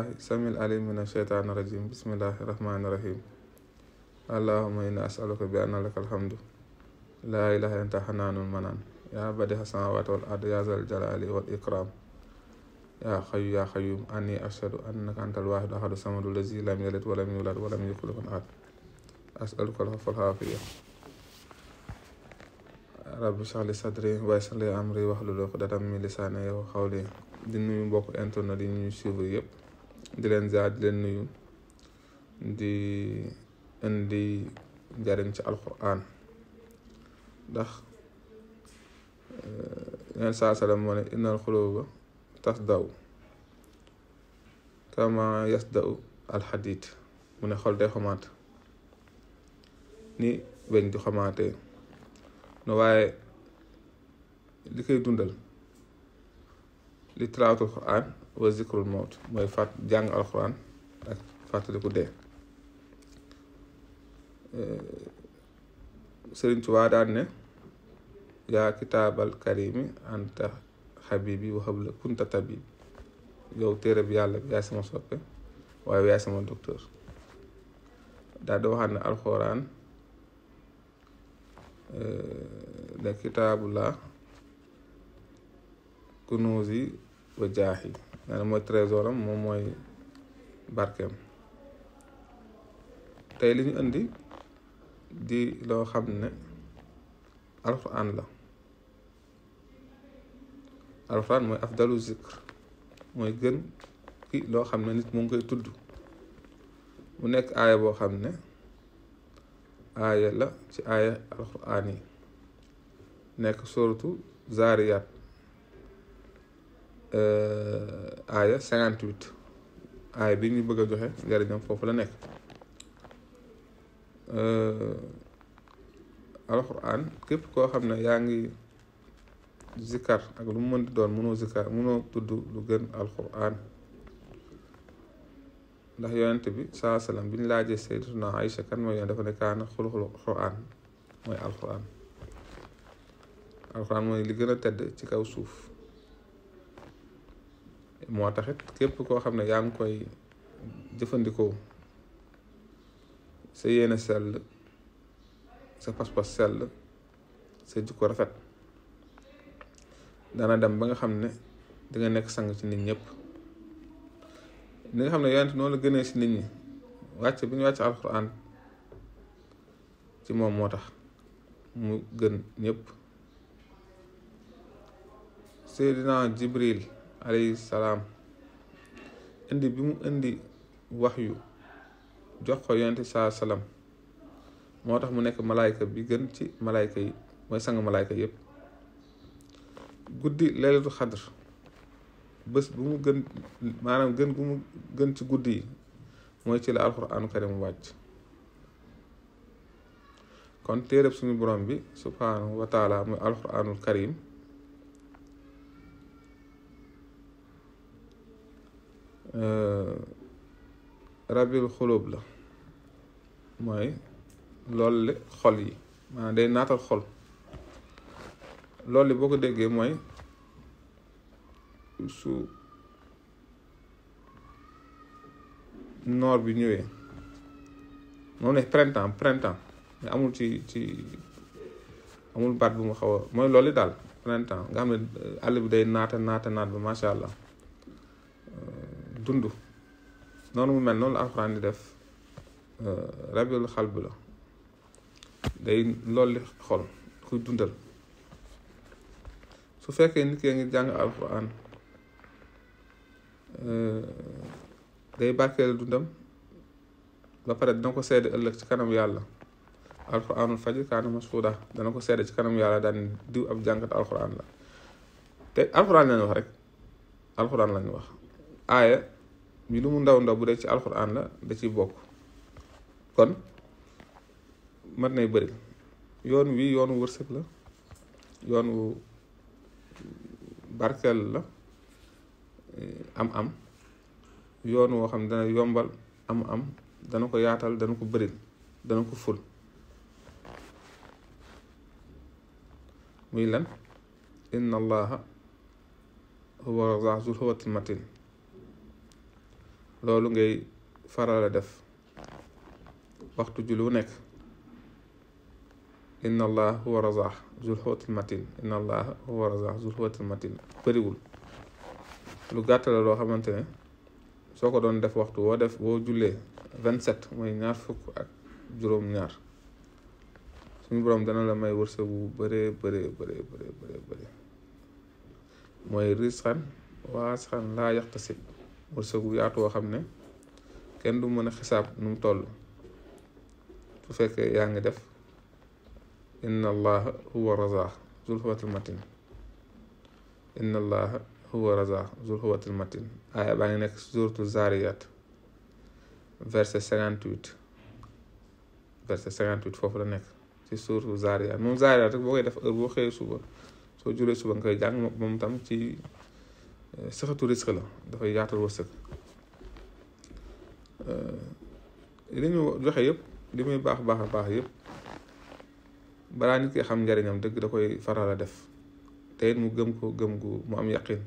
الله السميع العليم من الشيطان الرجيم بسم الله الرحمن الرحيم اللهم إنا أسألك بأن لك الحمد لا إله أنت حنان المنان يا بديع السماوات والأرض يا ذا الجلال والإكرام يا خيو يا قيوم أني أشهد أنك أنت الواحد أحد الصمد الذي لم يلد ولم يولد ولم يكن له أحد أسألك العفو والعافية رب اشرح لي صدري ويسر لي أمري واحلل عقدة من لساني وقولي di nuyu mbokk internet yi ñuy suivre yëpp di leen ziar di leen nuyu di indi njariñ ci alquran ndax yeneen saa salaam moo ne innal xuluba tasdaw kama yasdaw alxadid mu ne xol day xomaat ni weñ di xomaatee no waaye li koy dundal li tilaawatul quran wa zikrul mawt mooy fàtt jàng dee eh, sëriñ Tuubaa daan ne yaa kitaabal karimi anta xabibi wa kunta tabibi yow téere bi yàlla bi yaay sama soppe waaye yaay sama docteur daal di ne alxuraan da eh, kitaabu la kunuuzi jaaxi nee na mooy trésor am moom mooy barkeem tey li ñu indi di loo xam ne alxuraan la alxuraan mooy afdalu zikr mooy gën ki loo xam ne nit mu ngi koy tudd mu nekk aaya boo xam ne aaya la ci aaya alxuraan yi nekk suratu zaariyaat Euh, aaya 58 aaya bi ñu bëgg a joxe njëriñam foofu la nekk euh, alxuraan képp koo xam ne yaa ngi zikkar ak lu mu mënti doon mënoo zikkar mënoo tudd lu gën alxuraan ndax yonent bi saa salaam bi ñu laajee sayyidatuna Aïcha kan mooy yoon dafa ne kaana xuluxul xuraan mooy alxuraan alxuraan mooy li gën a tedd ci kaw suuf moo taxit képp koo xam ne yaa ngi koy jëfandikoo sa yéene sell sa pas-pas sell sa jikko rafet dana dem ba nga xam ne di nekk sangu ci nit ñëpp li nga xam ne yonent noonu la gënee si nit ñi wàcc bi ñu wàcc alxuraan ci moom moo tax mu gën ñëpp Seydina Jibril alayhi salaam indi bi mu indi wax yu jox ko yonente saa salaam moo tax mu nekk malaayka bi gën ci malaayka yi mooy sang malaayka yépp guddi leelatu xadr bés bu mu gën maanaam gën bu mu gën ci guddi yi mooy ci la alxuraanu karim wàcc kon téereb suñu borom bi subhaanahu wa taala alxuraanul karim Euh, rabil xulóob la mooy loolu le xol yi maanaam day naatal xol lool li boo ko déggee mooy su noor bi ñëwee moom ne printemps printemps mais amul ci ci amul baat bu mu xaw a mooy loolu daal printemps nga xam ne euh, àll bi day naata naata naat ba macha allah. dund noonu mu mel noonu la alxuraan di def rabiul xalb la day lolli xol kuy dundal su fekkee nit kee ngi jàng alxuraan day barkeel dundam ba pare dina ko seede ëllëg ci kanam yàlla alxuraanul fajr kaana masuuda dana ko seede ci kanam yàlla daan diw ab jàngat alxuraan la te alxuraan lañu wax rek alxuraan lañu wax aaya mi lu mu ndaw ndaw bu dee ci alxuraan la da ci bokk kon mat nay bëri yoon wi yoonu wërsëg la yoon wu barkeel la am-am eh, yoon woo xam ne dana yombal am-am dana ko yaatal dana ko bëril dana ko ful muy lan inna allaha huwa razaax zul quwwatil matin loolu ngay farala def waxtu julu nek inna allah huwa razzaq zul hut al matin inna allah huwa razzaq zul hut al matin periwul lu gatal lo xamantene soko don def waxtu wo def boo julle 27 moy ñaar fuk ak juróom ñaar suñu borom dana la may wërse bu bëre bëre bëre bëre bëre bëree mooy risxan waasxan la yaqtasib wërsëg wu yaatu woo xam ne kenn du mën a xisaab nu mu toll su fekkee yaa ngi def inna allaha huwa razaq zul xuwatil matin inna allaha huwa razaq zul xuwatil matin aaya baa ngi nekk suratul zariyat verset 58 verset 58 huit foofu la nekk ci suratul zariyat moom zariyat rek boo koy def heure boo xëyee suba soo julee suba nga koy jàng moom tam ci sexatu risque la dafay yaatal wërsëg li ñu joxe yëpp li muy baax baax a baax yëpp balaa nit ki xam njariñam dëgg da koy faral a def te it mu gëm ko gëm gu mu am yaqin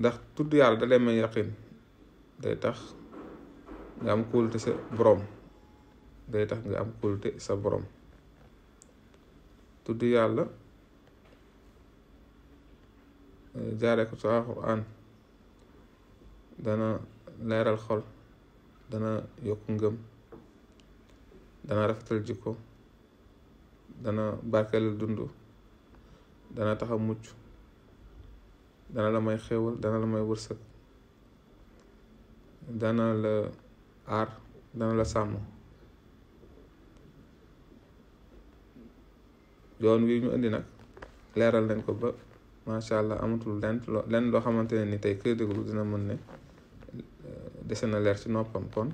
ndax tudd yàlla da lay may yaqin day tax nga am kóolute sa borom day tax nga am kóolute sa borom tudd yàlla ذلك صلاة القرآن dana leeral xol dana yokku ngëm dana rafetal jikko dana barkeelal dund dana taxa mucc dana la may xéewal dana la may wërsëg dana la aar dana la sàmm yoon wi ñu indi nag leeral nañ ko ba macha allah amatul lenn loo xamante ne ni tey koy déglu dina mën ne euh, dese na leer ci noppam kon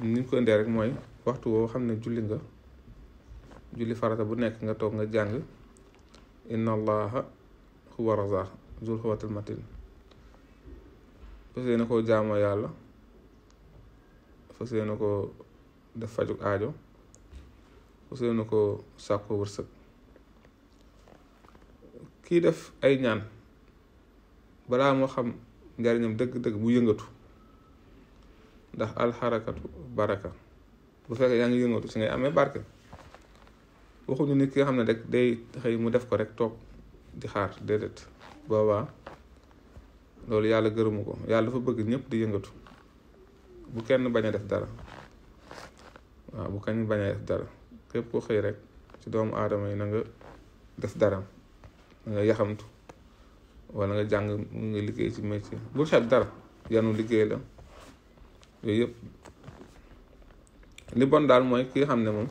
ni ko indee rek mooy waxtu woo xam ne julli nga julli farata bu nekk nga toog nga jàng inna allaha huwa razaq zul quwwatil matin fas yéene koo jaamoo yàlla fas yéene koo def fajuk aajo fas yéene koo sàkkoo wërsëg kii def ay ñaan balaa moo xam njariñam dëgg-dëgg bu yëngatu ndax alxarakatu baraka bu fekkee yaa ngi yëngatu si ngay amee barke waxuñu nit ki nga xam ne rek day xëy mu def ko rek toog di xaar déedéet boobaa loolu yàlla gërëmu ko yàlla dafa bëgg ñëpp di yëngatu bu kenn bañ a def dara waaw bu kenn bañ def dara képp ku xëy rek ci doomu aadama yi na def dara nga yaxamtu wala nga jàng nga liggéey ci métier bul xeeb dara yanu liggéey la yooyu yëpp li bon daal mooy ki nga xam ne moom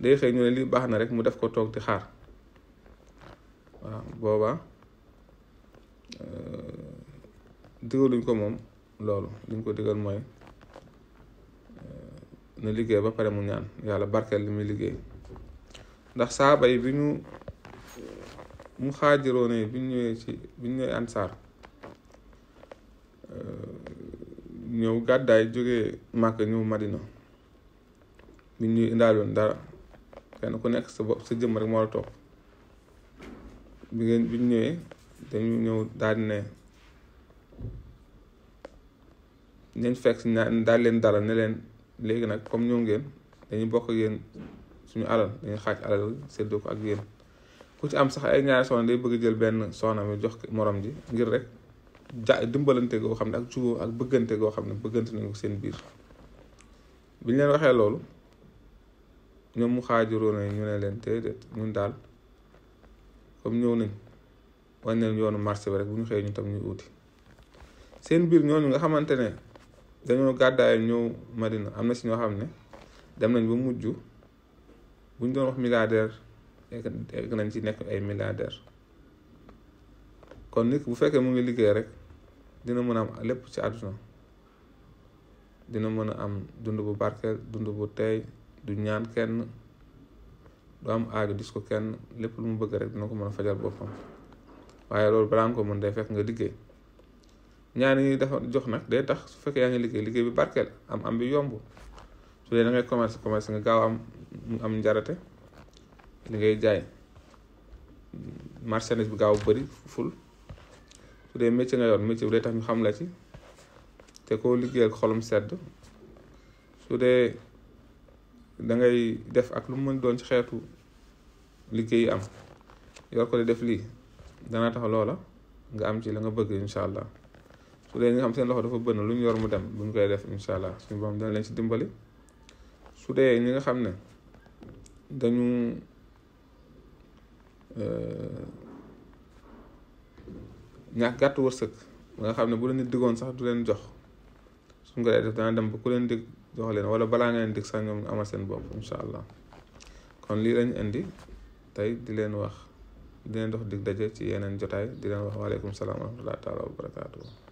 day xëy ñu ne li baax na rek mu def ko toog di xaar waaw boobaa euh, digaluñ ko moom loolu liñ ko digal mooy euh, na liggéey ba pare mu ñaan yàlla barkeel li muy liggéey ndax saaba yi bi ñu mu xaajiroon yi bi ñu ñëwee ci bi ñu ñëwee ansaar euh, ñëw gàddaay jóge màkk ñëw madina bi ñuy indaal dara kenn ku nekk sa bopp sa jëmm rek bi ngeen bi ñu ñëwee dañu ñëw daal ne ñañ fekk si ñaa daal leen dara ne leen léegi nag comme ñëw ngeen dañuy bokk ak yéen suñu alal dañuy xaaj alal séddoo ko ak yéen ku ci am sax ay ñaari soxna day bëgg jël benn soxna mi jox morom ji ngir rek ja dimbalante goo xam ne ak jubóo ak bëggante goo xam ne bëggante nañu ko seen biir bi ñu leen waxee loolu ñoomu mu xaajuroo na ñu ne leen déedéet ñun daal comme ñëw nañ wañ leen yoonu marché bi rek bu ñu xëyee ñu tam ñu uuti seen biir ñooñu nga xamante ne dañoo gàddaay ñëw Madina am na si ñoo xam ne dem nañ ba mujj buñ doon wax milliardaire nekk nañ ci nekk ay milliardaire kon nit bu fekkee mu ngi liggéey rek dina mën a am lépp ci àdduna dina mën a am dund bu barkeel dund bu teey du ñaan kenn du am aajo dis ko kenn lépp lu mu bëgg rek dina ko mën a fajal boppam waaye loolu balaa nga ko mën day fekk nga liggéey ñaan yi dafa jox nag day tax su fekkee yaa ngi liggéey liggéey bi barkeel am am bi yomb su dee da ngay commerce commerce nga gaaw am am njarate li ngay jaay marchandise bi gaaw bëri ful su dee métier nga yor métier bu dee tax ñu xam la ci te koo ak xolum sedd su dee da ngay def ak lu mu mën doon ci xeetu liggéey yi am yor ko di def lii dana tax loola nga am ci la nga bëgg incha allah su dee seen loxo dafa bënn lu ñu yor mu dem bu koy def incha allah suñu borom dana leen nga xam ne dañu Euh, ñaax gàtt wërsëg ba nga xam ne bu leen nit diggoon sax du leen jox su ko dee def dana dem ba ku leen dig jox leen wala balaa nga leen dig sax ñoom amal seen bopp incha allah kon lii lañ indi tey di leen wax di leen dox dig daje ci yeneen jotaay di leen wax waaleykum salaam wa rahmatulah wa barakaatu.